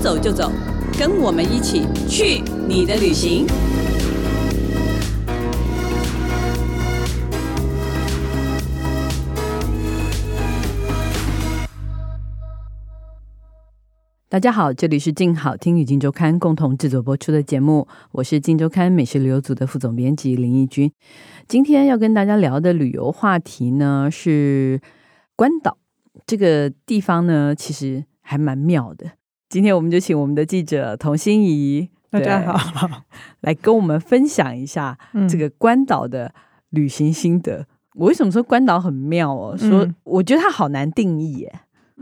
走就走，跟我們一起去你的旅行。大家好，這裡是鏡好聽與鏡週刊共同製作播出的節目，我是鏡週刊美食旅遊組的副總編輯林奕君，今天要跟大家聊的旅遊話題呢，是關島。這個地方呢，其實還蠻妙的。今天我們就請我們的記者童心怡。大家好媽媽，來跟我們分享一下這個關島的旅行心得，嗯。我為什麼說關島很妙哦？說我覺得它好難定義耶，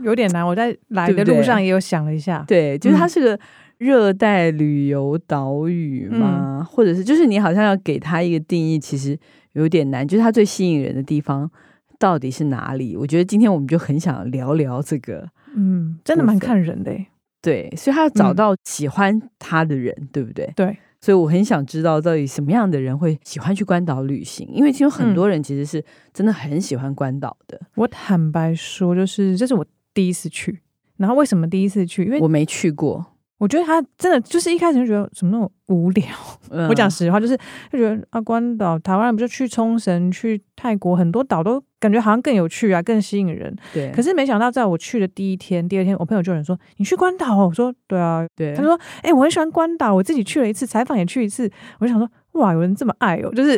有點難。我在來的路上也有想了一下對對，對，就是它是個熱帶旅遊島嶼嘛，嗯，或者是就是你好像要給它一個定義，其實有點難。就是它最吸引人的地方到底是哪裡？我覺得今天我們就很想聊聊這個，嗯，真的蠻看人的耶。對，所以他要找到喜歡他的人，嗯，對不對？對，所以我很想知道到底什麼樣的人會喜歡去關島旅行，因為其實有很多人其實是真的很喜歡關島的。嗯，我坦白說，就是這是我第一次去，然後為什麼第一次去？因為我沒去過。我覺得他真的就是一開始就覺得怎麼那麼無聊、嗯。我講實話，就是就覺得啊，關島、台灣人不就去沖繩、去泰國，很多島都感覺好像更有趣啊，更吸引人。對。可是沒想到，在我去的第一天、第二天，我朋友就有人說：“你去關島、哦。”我說：“對啊。”對。他說：“哎、欸，我很喜歡關島，我自己去了一次，採訪也去一次。”我就想說：“哇，有人這麼愛哦！”我就是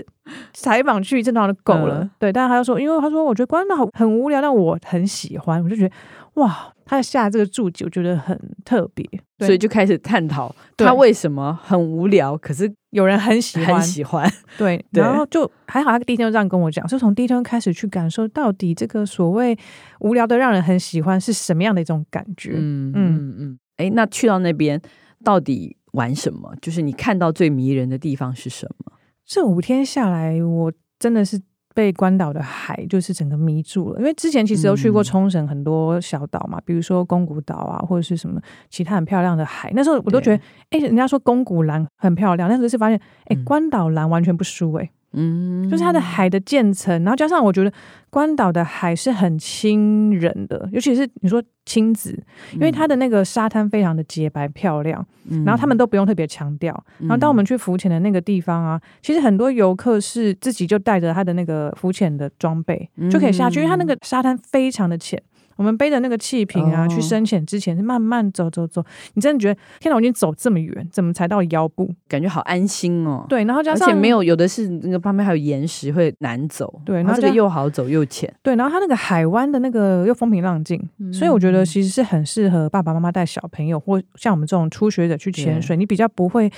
採訪去一整的狗了、嗯。對。但是他又說，因為他說我覺得關島很無聊，但我很喜歡，我就覺得。哇，他下的這個注解我覺得很特別，所以就開始探討他為什麼很無聊，可是有人很喜歡很喜歡。對。對，然後就還好，他第一天就這樣跟我講，就從第一天開始去感受到底這個所謂無聊的讓人很喜歡是什麼樣的一種感覺。嗯嗯嗯。哎、欸，那去到那邊到底玩什麼？就是你看到最迷人的地方是什麼？這五天下來，我真的是。被關島的海就是整個迷住了，因為之前其實都去過沖繩很多小島嘛，嗯，比如說宮古島啊，或者是什麼其他很漂亮的海。那時候我都覺得，哎，欸，人家說宮古藍很漂亮，那時候是發現，哎，欸，關島藍完全不輸哎，欸。嗯嗯，就是它的海的漸層，然後加上我覺得關島的海是很親人的，尤其是你說親子，因為它的那個沙灘非常的潔白漂亮，然後他們都不用特別強調。然後當我們去浮潛的那個地方啊，其實很多遊客是自己就帶着他的那個浮潛的裝備就可以下去，因為它那個沙灘非常的淺。我們背着那個氣瓶啊，去深潛之前是慢慢走走走，你真的覺得天哪，我已經走這麼遠，怎麼才到腰部？感覺好安心哦。對，然後加上而且沒有，有的是那個旁邊還有岩石會難走。對，然後這樣，然後這個又好走又淺。對，然後它那個海灣的那個又風平浪靜，嗯，所以我覺得其實是很適合爸爸媽媽帶小朋友，或像我們這種初學者去潛水。你比較不會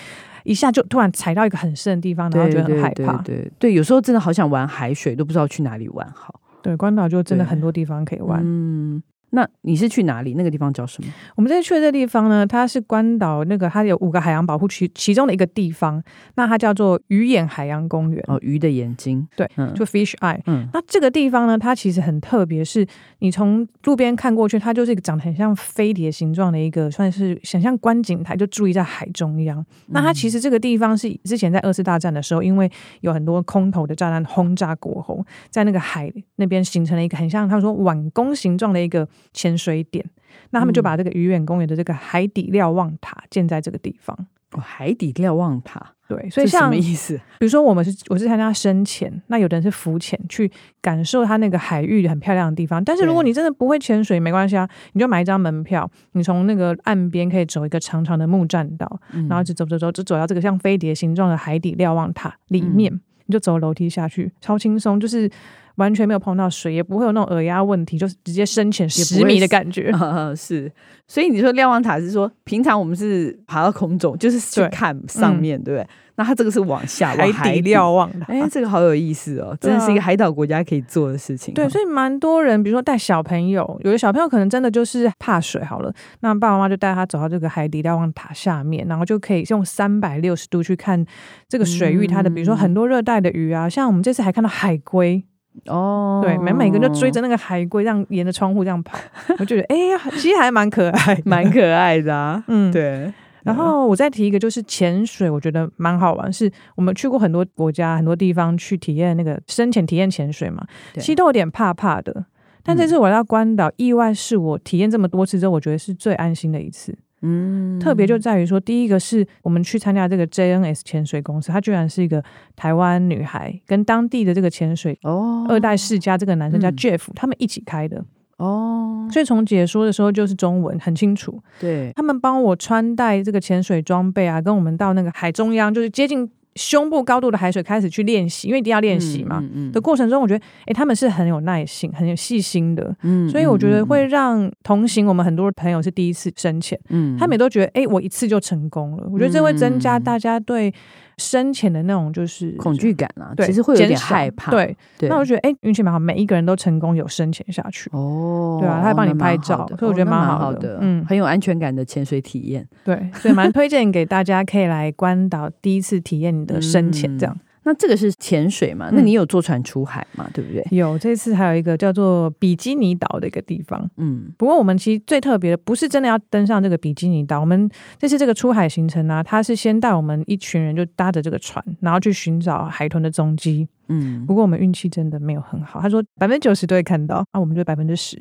一下就突然踩到一個很深的地方，然後覺得很害怕。對對，對，對，對，有時候真的好想玩海水，都不知道去哪裡玩好。對，關島就真的很多地方可以玩。那你是去哪裡？那個地方叫什麼？我們這次去的這個地方呢，它是關島那個，它有五個海洋保護區，其中的一個地方，那它叫做魚眼海洋公園哦，魚的眼睛，對，嗯、就 fish eye、嗯。那這個地方呢，它其實很特別，是你從路邊看過去，它就是一個長得很像飛碟形狀的一個，算是想象觀景台，就佇立在海中央。那它其實這個地方是之前在二次大戰的時候，因為有很多空投的炸彈轟炸過後，在那個海那邊形成了一個很像他們說碗公形狀的一個。潛水點，那他們就把這個魚眼公園的這個海底瞭望塔建在這個地方。哦，海底瞭望塔，對，所以像這是什麼意思？比如說我，我們是我是參加深潛，那有的人是浮潛，去感受它那個海域很漂亮的地方。但是如果你真的不會潛水，沒關係啊，你就買一張門票，你從那個岸邊可以走一個長長的木棧道、嗯，然後就走走走，就走到這個像飛碟形狀的海底瞭望塔裡面，嗯、你就走樓梯下去，超輕鬆，就是。完全沒有碰到水，也不會有那種耳壓問題，就是直接深潛十米的感覺、嗯。是，所以你說瞭望塔是說，平常我們是爬到空中就是去看上面，對不、嗯、對？那它這個是往下海底瞭望。哎、欸，這個好有意思哦、喔啊，真的是一個海島國家可以做的事情、喔。對，所以蠻多人，比如說帶小朋友，有些小朋友可能真的就是怕水，好了，那爸爸媽媽就帶他走到這個海底瞭望塔下面，然後就可以用三百六十度去看這個水域，它的、嗯、比如說很多熱帶的魚啊，像我們這次還看到海龜。哦、oh.，對，每每個人就追着那個海龜，這樣沿着窗戶這樣跑， 我覺得哎、欸，其實還蠻可愛，蠻 可愛的啊。嗯，對。然後我再提一個，就是潛水，我覺得蠻好玩。是我們去過很多國家、很多地方去體驗那個深潛、體驗潛水嘛，其實都有點怕怕的。但這次我來到關島，意外是我體驗這麼多次之後，我覺得是最安心的一次。嗯，特別就在於說，第一個是我們去參加這個 JNS 潛水公司，她居然是一個台灣女孩，跟當地的這個潛水哦，二代世家這個男生叫 Jeff，哦，嗯，他們一起開的哦，所以從解說的時候就是中文，很清楚。對，他們幫我穿戴這個潛水裝備啊，跟我們到那個海中央，就是接近。胸部高度的海水開始去練習，因為一定要練習嘛、嗯嗯嗯。的過程中，我覺得哎、欸，他們是很有耐心、很有細心的。嗯，所以我覺得會讓同行我們很多的朋友是第一次深潛，嗯，他們都覺得哎、欸，我一次就成功了。我覺得這會增加大家對深潛的那種就是、嗯、恐懼感啊，對，其實會有點害怕對對對對。對，那我覺得哎，運氣蠻好，每一個人都成功有深潛下去。哦，對啊，他還幫你拍照、哦，所以我覺得蠻好、哦、好的，嗯，很有安全感的潛水體驗。對，所以蠻推薦給大家可以來關島第一次體驗。 深淺這樣，那這個是潛水嘛？那你有坐船出海嘛？嗯、對不對？有，這次還有一個叫做比基尼島的一個地方。嗯，不過我們其實最特別的不是真的要登上這個比基尼島，我們這次這個出海行程呢、啊，他是先帶我們一群人就搭着這個船，然後去尋找海豚的蹤跡。嗯，不過我們運氣真的沒有很好。他說百分之九十都會看到，啊，我們就百分之十。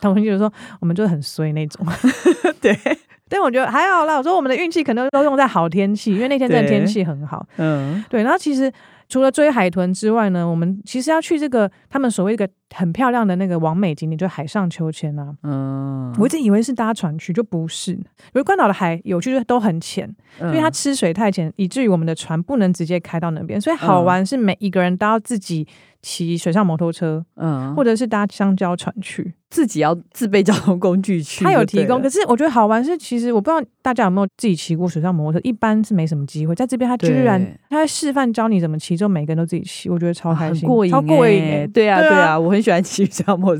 他們 就是說我們就很衰那種， 對。對我覺得還好啦，我說我們的運氣可能都用在好天氣，因為那天真的天氣很好。嗯，對。然後其實除了追海豚之外呢，我們其實要去這個他們所謂的。很漂亮的那個網美景點就海上秋千啊，嗯，我一直以為是搭船去，就不是。因為關島的海有趣就都很淺，因、嗯、為它吃水太淺，以至於我們的船不能直接開到那邊。所以好玩是每一個人都要自己騎水上摩托車，嗯，或者是搭香蕉船去，自己要自備交通工具去。他有提供，可是我覺得好玩是其實我不知道大家有沒有自己騎過水上摩托車，一般是沒什麼機會。在這邊他居然他在示範教你怎麼騎，就每個人都自己騎，我覺得超開心，啊過欸、超過癮、欸，對呀、啊、對呀、啊啊，我很。喜歡騎摩托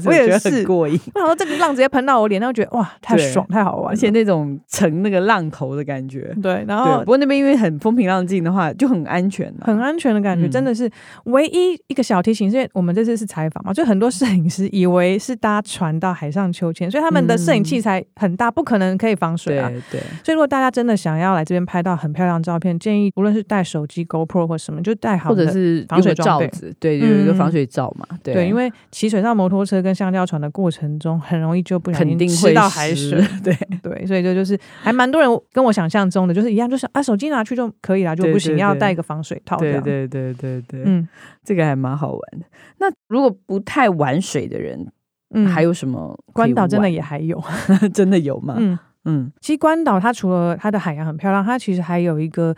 我也覺得很過癮。 然後這個浪直接噴到我臉上，然後覺得哇，太爽，太好玩。而且那種乘那個浪頭的感覺，對。然後不過那邊因為很風平浪靜的話，就很安全、啊，很安全的感覺。嗯、真的是唯一一個小提醒，是因為我們這次是採訪嘛，就很多攝影師以為是搭船到海上秋千，所以他們的攝影器材很大、嗯，不可能可以防水啊，對。對。所以如果大家真的想要來這邊拍到很漂亮的照片，建議無論是帶手機、GoPro 或什麼，就帶好或者是防水罩子，對，有一個防水罩嘛，嗯、對，因為。騎水上摩托車跟香蕉船的過程中，很容易就不小心吃到海水，對對，所以就就是還蠻多人跟我想象中的就是一樣，就是啊，手機拿去就可以了，就不行，對對對，要帶個防水套，對對對對對，嗯，這個還蠻好玩的。那如果不太玩水的人，嗯，還有什麼？關島真的也還有， 真的有嗎？嗯嗯，其實關島它除了它的海洋很漂亮，它其實還有一個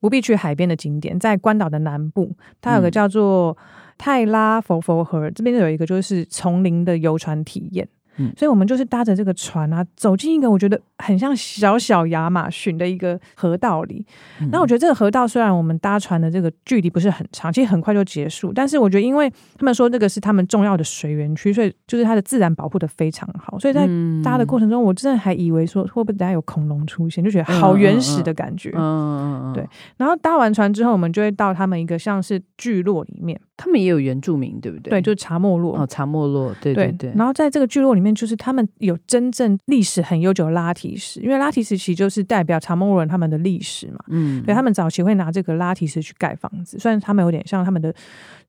不必去海邊的景點，在關島的南部，它有個叫做、嗯。泰拉佛佛河這邊有一個，就是叢林的遊船體驗，嗯，所以我們就是搭着這個船啊，走進一個我覺得。很像小小亞馬遜的一個河道裡，嗯，那我覺得這個河道雖然我們搭船的這個距離不是很長，其實很快就結束。但是我覺得，因為他們說那個是他們重要的水源區，所以就是它的自然保護的非常好。所以在搭的過程中，嗯、我真的還以為說會不會等下有恐龍出現，就覺得好原始的感覺。嗯嗯嗯。對。然後搭完船之後，我們就會到他們一個像是聚落裡面，他們也有原住民，對不對？對，就是查莫洛。哦，查莫洛。對對對，對，對。然後在這個聚落裡面，就是他們有真正歷史很悠久的拉鐵。歷史，因為拉提石，其實就是代表查莫人他們的歷史嘛，嗯，所以他們早期會拿這個拉提石去蓋房子，雖然他們有點像他們的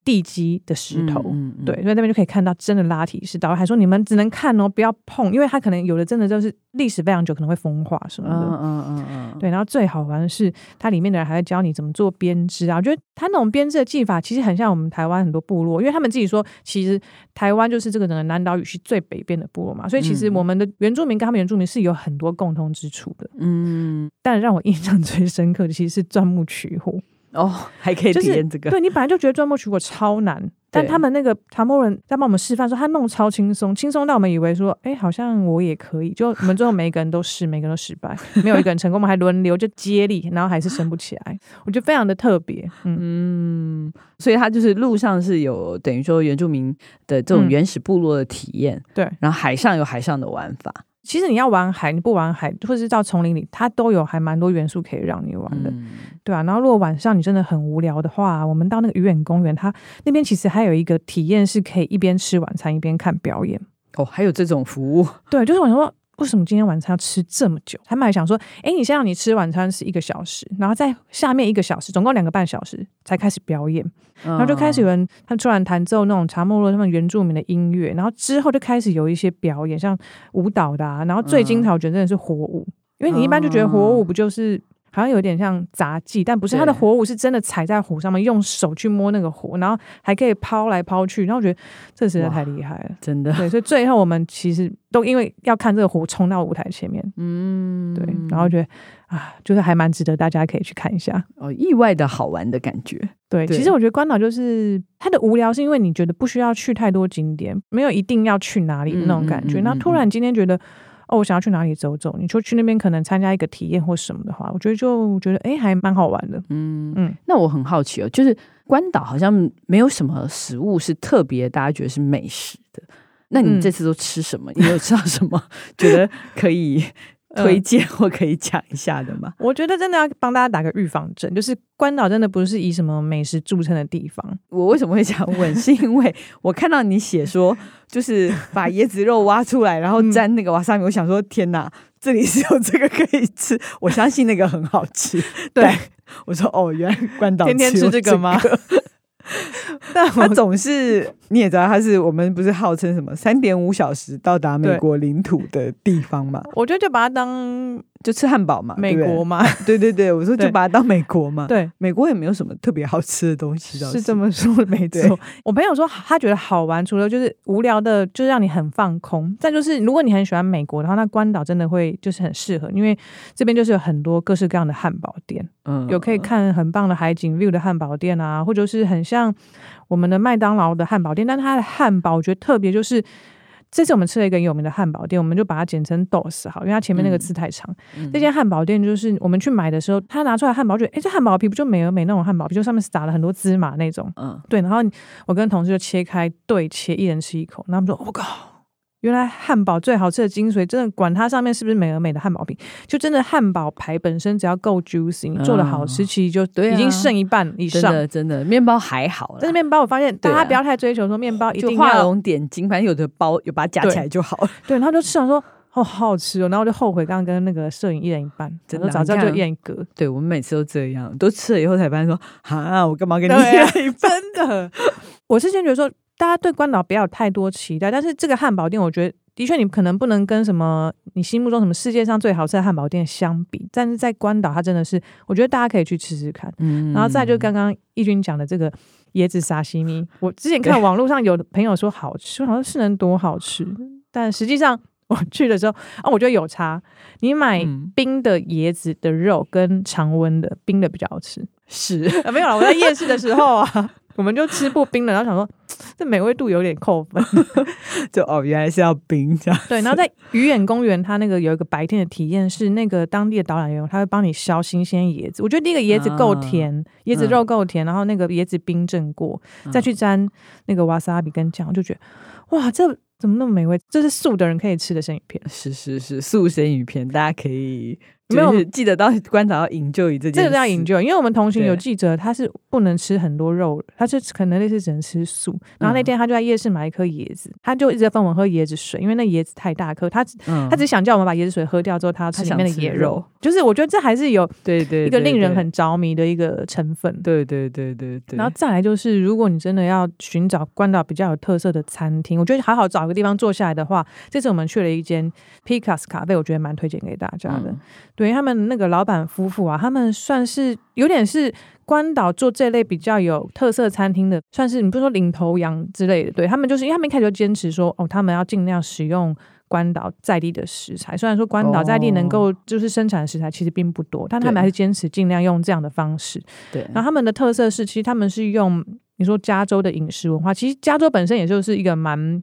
地基的石頭，嗯，嗯對，所以那邊就可以看到真的拉提石。導遊還說，你們只能看哦，不要碰，因為他可能有的真的就是歷史非常久，可能會風化什麼的，嗯嗯嗯對。然後最好玩的是，他裡面的人還會教你怎麼做編織啊，我覺得他那種編織的技法其實很像我們台灣很多部落，因為他們自己說，其實台灣就是這個整個南島語系最北邊的部落嘛，所以其實我們的原住民跟他們原住民是有很多。共通之處的，嗯，但讓我印象最深刻的其實是鑽木取火哦，還可以體驗這個。就是、對，你本來就覺得鑽木取火超難，但他們那個塔莫人在幫我們示範，說他弄超輕鬆，輕鬆到我們以為說，哎、欸，好像我也可以。就我們最後每一個人都試， 每個人都失敗，沒有一個人成功。我們還輪流就接力，然後還是升不起來。 我覺得非常的特別、嗯，嗯，所以他就是路上是有等於說原住民的這種原始部落的體驗、嗯，對，然後海上有海上的玩法。其實你要玩海，你不玩海，或者是到叢林裡，它都有還蠻多元素可以讓你玩的，嗯、對啊，然後如果晚上你真的很無聊的話，我們到那個漁苑公園，它那邊其實還有一個體驗，是可以一邊吃晚餐一邊看表演。哦，還有這種服務？對，就是晚上。為什麼今天晚餐，要吃這麼久？他們還想說，哎、欸，你先讓你吃晚餐是一個小時，然後在下面一個小時，總共兩個半小時才開始表演，嗯。然後就開始有人，他突然彈奏那種查莫洛他們原住民的音樂，然後之後就開始有一些表演，像舞蹈的。啊，然後最精彩，我覺得真的是火舞，嗯，因為你一般就覺得火舞不就是？嗯好像有點像雜技，但不是。它的火舞是真的踩在火上面，用手去摸那個火，然後還可以拋來拋去。然後我覺得這實在太厲害了，真的。對，所以最後我們其實都因為要看這個火衝到舞台前面。嗯，對。然後覺得啊，就是還蠻值得大家可以去看一下。哦，意外的好玩的感覺。對，對，其實我覺得關島就是它的無聊，是因為你覺得不需要去太多景點，沒有一定要去哪裡那種感覺。那、嗯嗯嗯嗯嗯、突然今天覺得。哦，我想要去哪裡走走？你說去那邊可能參加一個體驗或什麼的話，我覺得就覺得哎、欸，還蠻好玩的。嗯嗯，那我很好奇哦，就是關島好像沒有什麼食物是特別大家覺得是美食的。那你這次都吃什麼？嗯、你有吃到什麼？ 覺得可以？ 嗯，推薦我可以講一下的嗎？我覺得真的要幫大家打個預防針，就是關島真的不是以什麼美食著稱的地方。我為什麼會想問， 是因為我看到你寫說，就是把椰子肉挖出來，然後沾那個哇沙米。我想說，天哪，這裡是有這個可以吃，我相信那個很好吃。 對，我說，哦，原來關島 天天吃這個嗎？ 但我總是， 你也知道，他是我們不是號稱什麼三點五小時到達美國領土的地方嘛？我覺得就把它當。就吃漢堡嘛，美國嘛對，對對對，我說就把它當美國嘛。對，美國也沒有什麼特別好吃的東西是，是這麼說沒錯。我朋友說他覺得好玩，除了就是無聊的，就是讓你很放空。再就是如果你很喜歡美國的話，那關島真的會就是很適合，因為這邊就是有很多各式各樣的漢堡店，嗯，有可以看很棒的海景 view 的漢堡店啊，或者是很像我們的麥當勞的漢堡店，但它的漢堡我覺得特別就是。這次我們吃了一個有名的漢堡店，我們就把它簡稱 DOS 好，因為它前面那個字太長，嗯。那間漢堡店就是我們去買的時候，他拿出來漢堡，就，誒，這漢堡皮不就美而美那種漢堡皮，就上面撒了很多芝麻那種。嗯，對。然後我跟同事就切開對切，一人吃一口，他們說：“我靠。”原來漢堡最好吃的精髓，真的管它上面是不是美而美的漢堡餅，就真的漢堡排本身只要夠 juicy、嗯、做的好吃，其實就已經剩一半以上。真的，真的麵包還好，但是麵包我發現、啊、大家不要太追求說麵包一定畫龍點睛，反正有的包有把它夾起來就好了。對，他 就吃完說哦，好好吃哦，然後就後悔剛剛跟那個攝影一人一半，真的早知道就，就一人一個。對，我們每次都這樣，都吃了以後才發現說啊，我幹嘛給你一半？的，啊、 我是先覺得說。大家對關島不要有太多期待，但是這個漢堡店，我覺得的確你可能不能跟什麼你心目中什麼世界上最好吃的漢堡店相比，但是在關島，它真的是我覺得大家可以去吃吃看。嗯，然後再就剛剛益君講的這個椰子沙西米，我之前看網絡上有朋友說好吃，好像是能多好吃，但實際上我去的時候啊，我覺得有差。你買冰的椰子的肉跟常溫的冰的比較好吃，嗯、是、啊、沒有了，我在夜市的時候啊。 我們就吃不冰了，然後想說這美味度有點扣分， 就哦原來是要冰這樣。對，然後在魚眼公園，它那個有一個白天的體驗是那個當地的導覽員，他會幫你削新鮮椰子，我覺得那個椰子夠甜，嗯，椰子肉夠甜，然後那個椰子冰鎮過、嗯、再去沾那個瓦薩比跟醬，我就覺得哇，這怎麼那麼美味？這是素的人可以吃的生魚片，是是是，素生魚片，大家可以。沒、就、有、是、記得當時關島要引咎你這件事，就是要引咎，因為我們同行有記者，他是不能吃很多肉，他是可能類似只能吃素。然後那天他就在夜市買一顆椰子、嗯，他就一直在放我們喝椰子水，因為那椰子太大顆，他、嗯、他只想叫我們把椰子水喝掉之後，他要吃裡面的椰肉，的肉。就是我覺得這還是有一個令人很着迷的一個成分。對對對對，對，對，對，對，然後再來就是，如果你真的要尋找關島比較有特色的餐廳，我覺得好好找一個地方坐下來的話，這次我們去了一間 Pika's 咖啡，我覺得蠻推薦給大家的。嗯對他們那個老闆夫婦啊，他們算是有點是關島做這類比較有特色餐廳的，算是你不是說領頭羊之類的。對他們，就是因為他們一開始就堅持說，哦，他們要盡量使用關島在地的食材。雖然說關島在地能夠就是生產的食材其實並不多，但他們還是堅持盡量用這樣的方式。對，然後他們的特色是，其實他們是用你說加州的飲食文化，其實加州本身也就是一個蠻。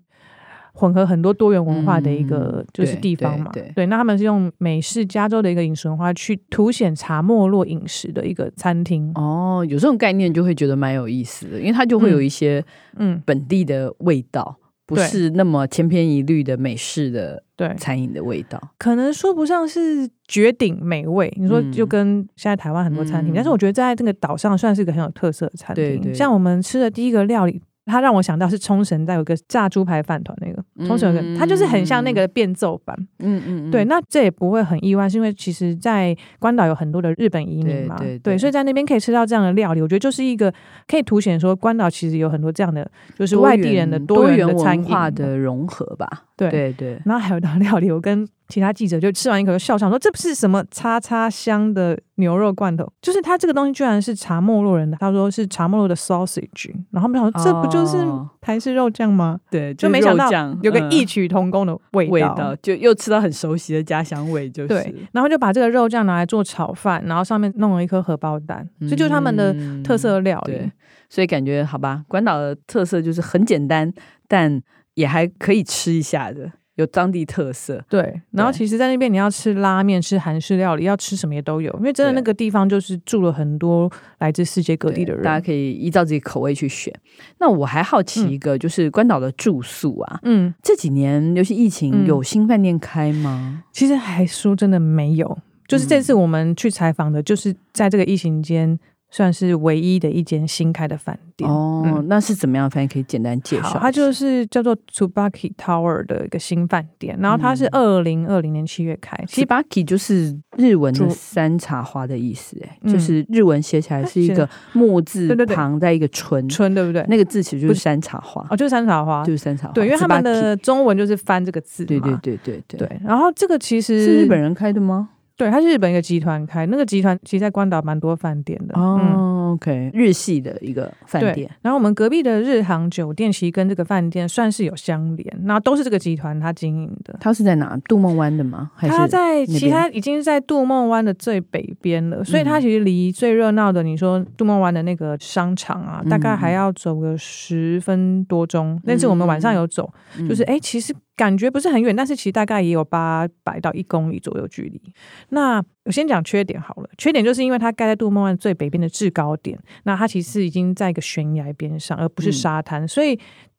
混合很多多元文化的一個就是地方嘛，嗯對對對，對，那他們是用美式加州的一個飲食文化去凸顯查莫洛飲食的一個餐廳。哦，有這種概念就會覺得蠻有意思的，因為它就會有一些嗯本地的味道，嗯嗯，不是那麼千篇一律的美式的對餐飲的味道。可能說不上是絕頂美味，你說就跟現在台灣很多餐廳，嗯、但是我覺得在這個島上算是一個很有特色的餐廳。對對，像我們吃的第一個料理。他讓我想到是沖繩在有個炸豬排飯糰，那個沖繩有個，它就是很像那個變奏版。嗯嗯，對，那這也不會很意外，是因為其實，在關島有很多的日本移民嘛對對對，對，所以在那邊可以吃到這樣的料理，我覺得就是一個可以凸顯說關島其實有很多這樣的，就是外地人的多元，的餐多元，多元文化的融合吧。對對對，那還有道料理，我跟，其他記者就吃完一口就笑上說：“這不是什麼叉叉香的牛肉罐頭，就是它這個東西居然是查莫洛人的。”他說是查莫洛的 sausage 醬，然後他們想說、哦、這不就是台式肉醬嗎？對，就沒想到有個異曲同工的味道、嗯、味道，就又吃到很熟悉的家鄉味。就是對，然後就把這個肉醬拿來做炒飯，然後上面弄了一顆荷包蛋，所以就是他們的特色料理。嗯、對，所以感覺好吧，關島的特色就是很簡單，但也還可以吃一下的。有當地特色，對。然後其實，在那邊你要吃拉麵，吃韓式料理，要吃什麼也都有，因為真的那個地方就是住了很多來自世界各地的人，大家可以依照自己口味去選。那我還好奇一個，嗯、就是關島的住宿啊，嗯，這幾年尤其疫情，有新飯店開嗎？其實還說真的沒有，就是這次我們去採訪的，就是在這個疫情間。算是唯一的一間新開的飯店哦、嗯，那是怎麼樣的？反正可以簡單介紹。它就是叫做 Tsubaki Tower 的一個新飯店、嗯，然後它是二零二零年七月開的。Tsubaki 就是日文的山茶花的意思、嗯，就是日文寫起來是一個木字，對旁在一個春春，對不對，對？那個字其實就是山茶花，就是、山茶花，哦，就是山茶花，就是山茶花。對，因為他們的中文就是翻這個字。對，對對對對對。對，然後這個其實是日本人開的嗎？.對，它是日本一個集團開，那個集團其實在關島蠻多飯店的。哦、oh，OK、嗯、日系的一個飯店。然後我們隔壁的日航酒店，其實跟這個飯店算是有相連，那都是這個集團它經營的。它是在哪？杜夢灣的嗎還是？它在其他已經在杜夢灣的最北邊了、嗯，所以它其實離最熱鬧的，你說杜夢灣的那個商場啊、嗯，大概還要走個十分多鐘。那、嗯、次我們晚上有走，嗯、就是哎，其實。感覺不是很遠，但是其實大概也有八百到一公里左右距離。那我先講缺點好了，缺點就是因為它蓋在杜夢灣最北邊的制高點，那它其實已經在一個懸崖邊上，而不是沙灘，嗯、所以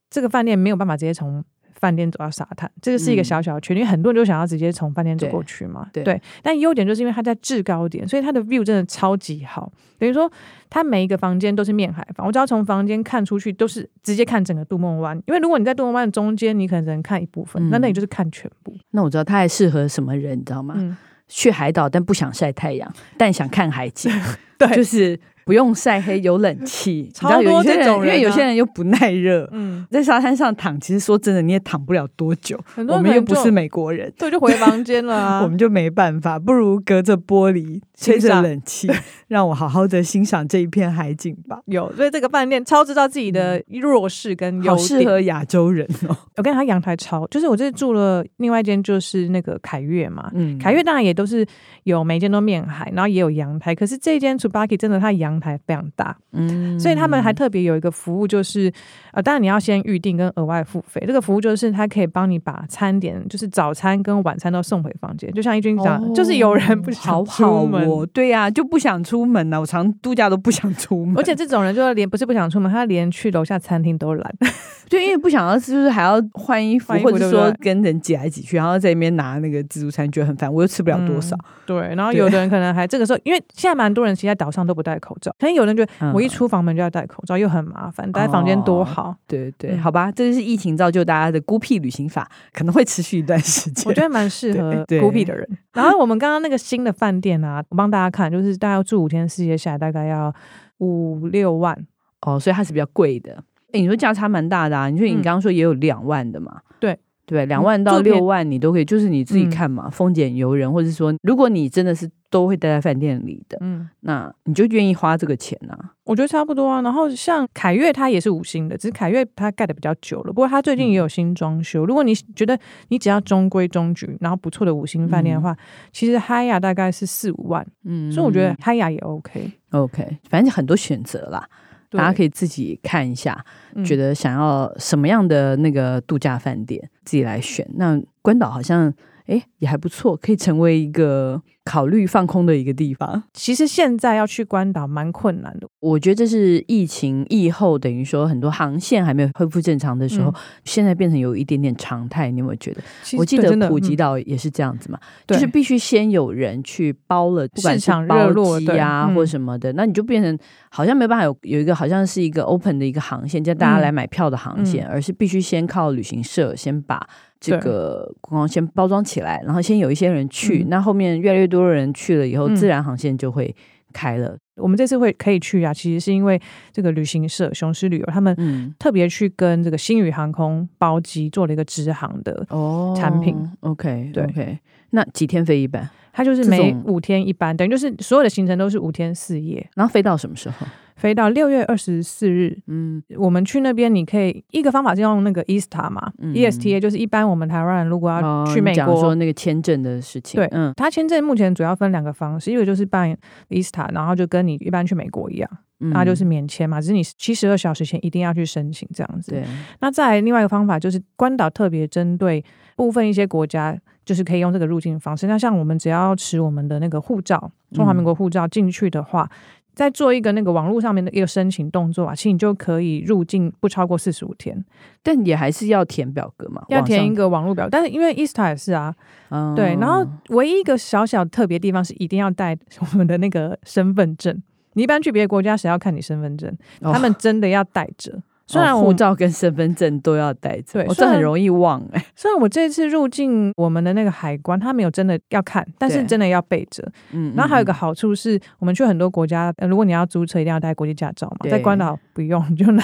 這個飯店沒有辦法直接從。飯店走到沙灘，這個是一個小小的區、嗯，因為很多人就想要直接從飯店走過去嘛。對，對對，但優點就是因為它在制高點，所以它的 view 真的超級好。等於說，它每一個房間都是面海房，我只要從房間看出去，都是直接看整個杜夢灣。因為如果你在杜夢灣的中間，你可能只能看一部分，那、嗯、那你就是看全部。那我知道它還適合什麼人，你知道嗎？嗯、去海島但不想曬太陽，但想看海景， 對，就是。不用曬黑，有冷氣。超多這種人、啊，因為有些人又不耐熱。嗯，在沙灘上躺，其實說真的，你也躺不了多久。很多人我們又不是美國人，所以就回房間了、啊、 我們就沒辦法，不如隔着玻璃吹着冷氣，讓我好好的欣賞這一片海景吧。有，所以這個飯店超知道自己的弱勢跟好適、嗯、合亞洲人、哦、洲人哦。我跟他陽台超，就是我這次住了另外一間就是那個凱悅嘛，嗯，凱悅當然也都是有每間都面海，然後也有陽台。可是這間 Tsubaki 真的，他陽還非常大，嗯，所以他們還特別有一個服務，就是呃，當然你要先預定跟額外付費。這個服務就是他可以幫你把餐點，就是早餐跟晚餐都送回房間。就像一軍講、哦，就是有人不想出門，門，對呀，啊，就不想出門了，我常度假都不想出門， 而且這種人就是連不是不想出門，他連去樓下餐廳都懶， 就因為不想要吃，就是還要換衣，衣服，或者說跟人擠來擠去，然後在那邊拿那個自助餐覺得很煩，我又吃不了多少，嗯。對，然後有的人可能還這個時候，因為現在蠻多人其實在島上都不戴口罩。可能有人覺得我一出房門就要戴口罩，嗯、又很麻煩，待在房間多好。哦、對對、嗯，好吧，這就是疫情造就大家的孤僻旅行法，可能會持續一段時間。 我覺得蠻適合孤僻的人對對。然後我們剛剛那個新的飯店啊， 我幫大家看，就是大家住五天，四夜下來大概要五六萬哦，所以它是比較貴的。哎、欸，你說價差蠻大的啊？你說你剛剛說也有兩萬的嘛？對、嗯、對，兩萬到六萬你都可以、嗯，就是你自己看嘛，豐儉由、嗯、人，或者說如果你真的是。都會待在飯店裡的，嗯，那你就願意花這個錢呢、啊？我覺得差不多啊。然後像凱悅，它也是五星的，只是凱悅它蓋得比較久了，不過它最近也有新裝修、嗯。如果你覺得你只要中規中矩，然後不錯的五星飯店的話，嗯、其實嗨亞大概是四五萬，嗯，所以我覺得嗨亞也 OK，OK，、OK 嗯 okay, 反正很多選擇啦，大家可以自己看一下、嗯，覺得想要什麼樣的那個度假飯店，自己來選、嗯。那關島好像。哎，也還不錯，可以成為一個考慮放空的一個地方。其實現在要去關島蠻困難的，我覺得這是疫情疫後等於說很多航線還沒有恢復正常的時候、嗯，現在變成有一點點常態。你有沒有覺得？其實我記得普吉島也是這樣子嘛、嗯，就是必須先有人去包了，不管是包機啊或者什麼的、嗯，那你就變成好像沒辦法有有一個好像是一個 open 的一個航線，叫大家來買票的航線、嗯，而是必須先靠旅行社先把。這個航線包裝起來，然後先有一些人去，嗯、那後面越來越多的人去了以後、嗯，自然航線就會開了。我們這次會可以去啊，其實是因為這個旅行社雄獅旅遊，他們特別去跟這個星宇航空包機做了一個直航的產品。哦哦、OK，OK，、okay, okay. 那幾天飛一班？它就是每五天一班，等於就是所有的行程都是五天四夜，然後飛到什麼時候？飛到六月二十四日，嗯，我們去那邊，你可以一個方法是用那個 ESTA 嘛、嗯、，ESTA 就是一般我們台灣人如果要去美國，哦、說那個簽證的事情，對，嗯，它簽證目前主要分兩個方式，一個就是辦 ESTA，然後就跟你一般去美國一樣，它、嗯、就是免簽嘛，只是你七十二小時前一定要去申請這樣子。對，那再另外一個方法就是關島特別針對部分一些國家，就是可以用這個入境方式。那像我們只要持我們的那個護照，中華民國護照進去的話。嗯再做一個那個網絡上面的一個申請動作啊，其實你就可以入境不超過四十五天，但也還是要填表格嘛，要填一個網絡表格。但是因為 ESTA 也是啊、嗯，對，然後唯一一個小小特別地方是一定要帶我們的那個身份證。你一般去別的國家誰要看你身份證、哦？他們真的要帶着。雖然我、哦、護照跟身份證都要帶着，我這很容易忘哎、欸。雖然我這次入境我們的那個海關，他沒有真的要看，但是真的要備着。嗯，然後還有一個好處是，我們去很多國家，呃、如果你要租車，一定要帶國際駕照嘛。在關島不用，就拿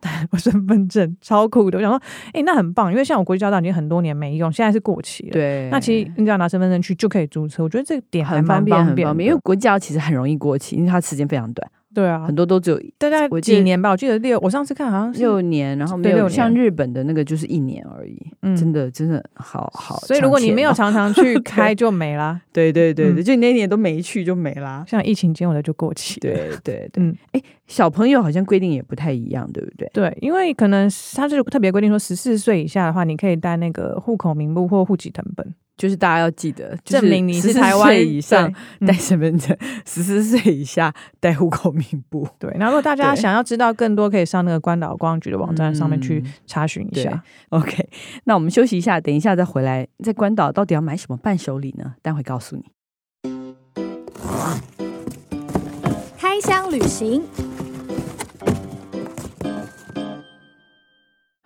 帶我身份證，超酷的。我想說，哎、欸，那很棒，因為像我國際駕照已經很多年沒用，現在是過期了。對。那其實你只要拿身份證去就可以租車，我覺得這個點很方便。很方便。因為國際駕照其實很容易過期，因為它時間非常短。對啊，很多都只有大概幾年吧，我記得六，我，六我上次看好像是六年，然後沒有像日本的那個就是一年而已，嗯、真的真的好好。所以如果你沒有常常去開就沒啦， 對，對對對對，嗯、就那年都沒去就沒啦，像疫情間有來就過期，對對對。哎、嗯欸，小朋友好像規定也不太一樣，對不對？對，因為可能他就是特別規定說十四歲以下的話，你可以帶那個戶口名簿或戶籍謄本。就是大家要記得，證明你是台灣人，以上帶身份證，十四歲以下帶戶口名簿。對，然後如果大家想要知道更多，可以上那個關島觀光局的網站上面去查詢一下。OK，那我們休息一下，等一下再回來。在關島到底要買什麼伴手禮呢？待會告訴你。開箱旅行。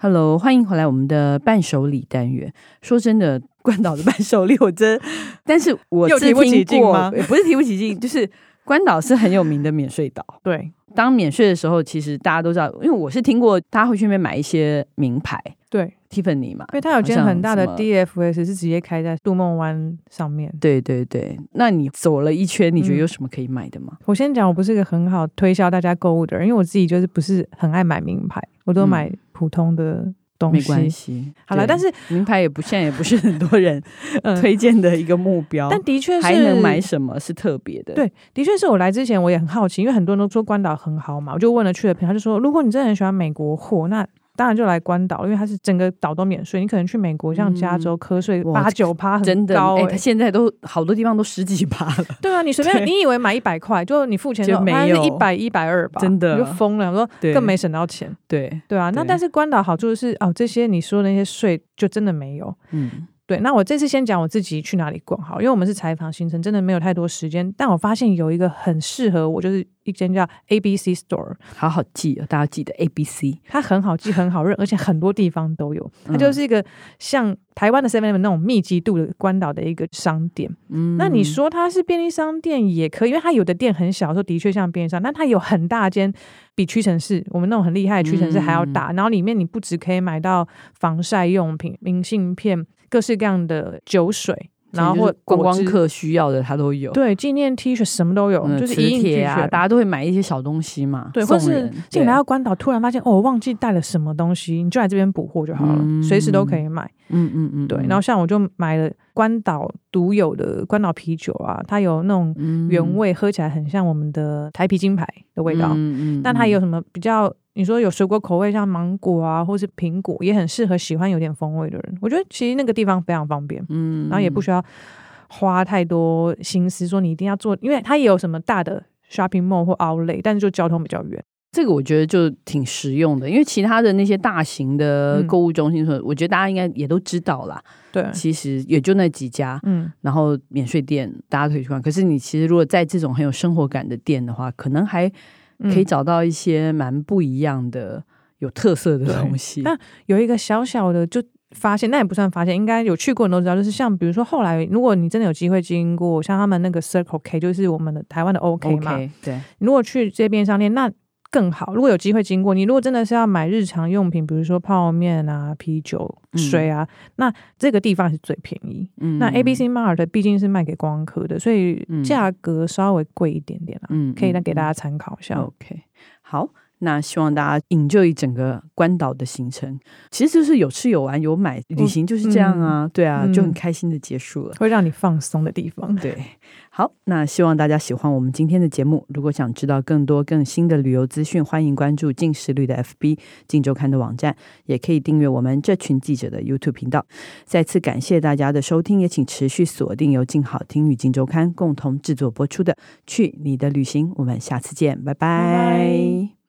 Hello，歡迎回來我們的伴手禮單元。說真的，關島的伴手禮，我真…… 但是我又提不起勁嗎？也不是提不起勁， 就是關島是很有名的免稅島。對，當免稅的時候，其實大家都知道，因為我是聽過，他會去那邊買一些名牌。對，Tiffany 嘛，因為他有間很大的 DFS 是直接開在杜夢灣上面。對對對，那你走了一圈，你覺得有什麼可以買的嗎？嗯、我先講，我不是一個很好推銷大家購物的人，因為我自己就是不是很愛買名牌，我都買、嗯。普通的東西好了，但是名牌也不，現在也不是很多人 推薦的一個目標。嗯、但的確還能買什麼？是特別的，對，的確是，我來之前我也很好奇，因為很多人都說關島很好嘛，我就問了去的朋友，他就說，如果你真的很喜歡美國貨，那，當然就來關島，因為它是整個島都免稅。你可能去美國，像加州，課稅八九趴，很高，真的。它、欸、現在都好多地方都十幾趴了。對啊，你隨便，你以為買一百塊，就你付錢的時候，它是一百一百二吧？真的你就瘋了。我說，更沒省到錢。對對啊，那但是關島好處是哦，這些你說的那些稅就真的沒有。嗯。對，那我這次先講我自己去哪裡逛好，因為我們是採訪行程，真的沒有太多時間。但我發現有一個很適合我，就是一間叫 ABC Store，好好記哦，大家記得 ABC，它很好記，很好認，而且很多地方都有。它就是一個像台灣的 Seven Eleven 那種密集度的關島的一個商店。嗯，那你說它是便利商店也可以，因為它有的店很小的時候，說的確像便利商店，但它有很大間，比屈臣氏我們那種很厲害的屈臣氏還要大，嗯。然後裡面你不只可以買到防曬用品、明信片。各式各樣的酒水，然後或觀光客需要的它都有。對，紀念 T 恤什麼都有，就是磁鐵啊，大家都會買一些小東西嘛。對，或者是進來到關島突然發現哦，我忘記帶了什麼東西，你就來這邊補貨就好了，隨、嗯、時都可以買。嗯嗯嗯，對。然後像我就買了關島獨有的關島啤酒啊，它有那種原味，嗯、喝起來很像我們的台啤金牌的味道。嗯嗯，嗯，但它有什麼比較？你說有水果口味，像芒果啊，或是蘋果，也很適合喜歡有點風味的人。我覺得其實那個地方非常方便，嗯，然後也不需要花太多心思說你一定要做，因為它也有什麼大的 shopping mall 或 outlet，但是就交通比較遠。這個我覺得就挺實用的，因為其他的那些大型的購物中心，所、嗯、我覺得大家應該也都知道啦。對，其實也就那幾家，嗯，然後免稅店大家可以去看。可是你其實如果在這種很有生活感的店的話，可能還。可以找到一些蠻不一樣的、嗯、有特色的東西。那有一個小小的就發現，那也不算發現，應該有去過人都知道，就是像比如說後來，如果你真的有機會經過，像他們那個 Circle K，就是我們的台灣的 OK 嘛，okay, 對。如果去這邊商店，那。更好。如果有機會經過，你如果真的是要買日常用品，比如說泡麵啊、啤酒、水啊、嗯，那這個地方是最便宜。嗯、那 A B C Mart 畢竟是賣給觀光客的，所以價格稍微貴一點點啦。嗯，可以來給大家參考一下。嗯嗯嗯、OK，好。那希望大家享受一整個關島的行程，其實就是有吃有玩有買，旅行就是這樣啊，嗯、對啊，就很開心的結束了，會讓你放鬆的地方。對，好，那希望大家喜歡我們今天的節目。如果想知道更多更新的旅遊資訊，歡迎關注鏡食旅的 FB、鏡週刊的網站，也可以訂閱我們這群記者的 YouTube 頻道。再次感謝大家的收聽，也請持續鎖定由鏡好聽與鏡週刊共同製作播出的《去你的旅行》，我們下次見，拜拜。拜拜。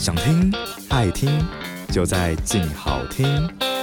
想聽、愛聽，就在鏡好聽。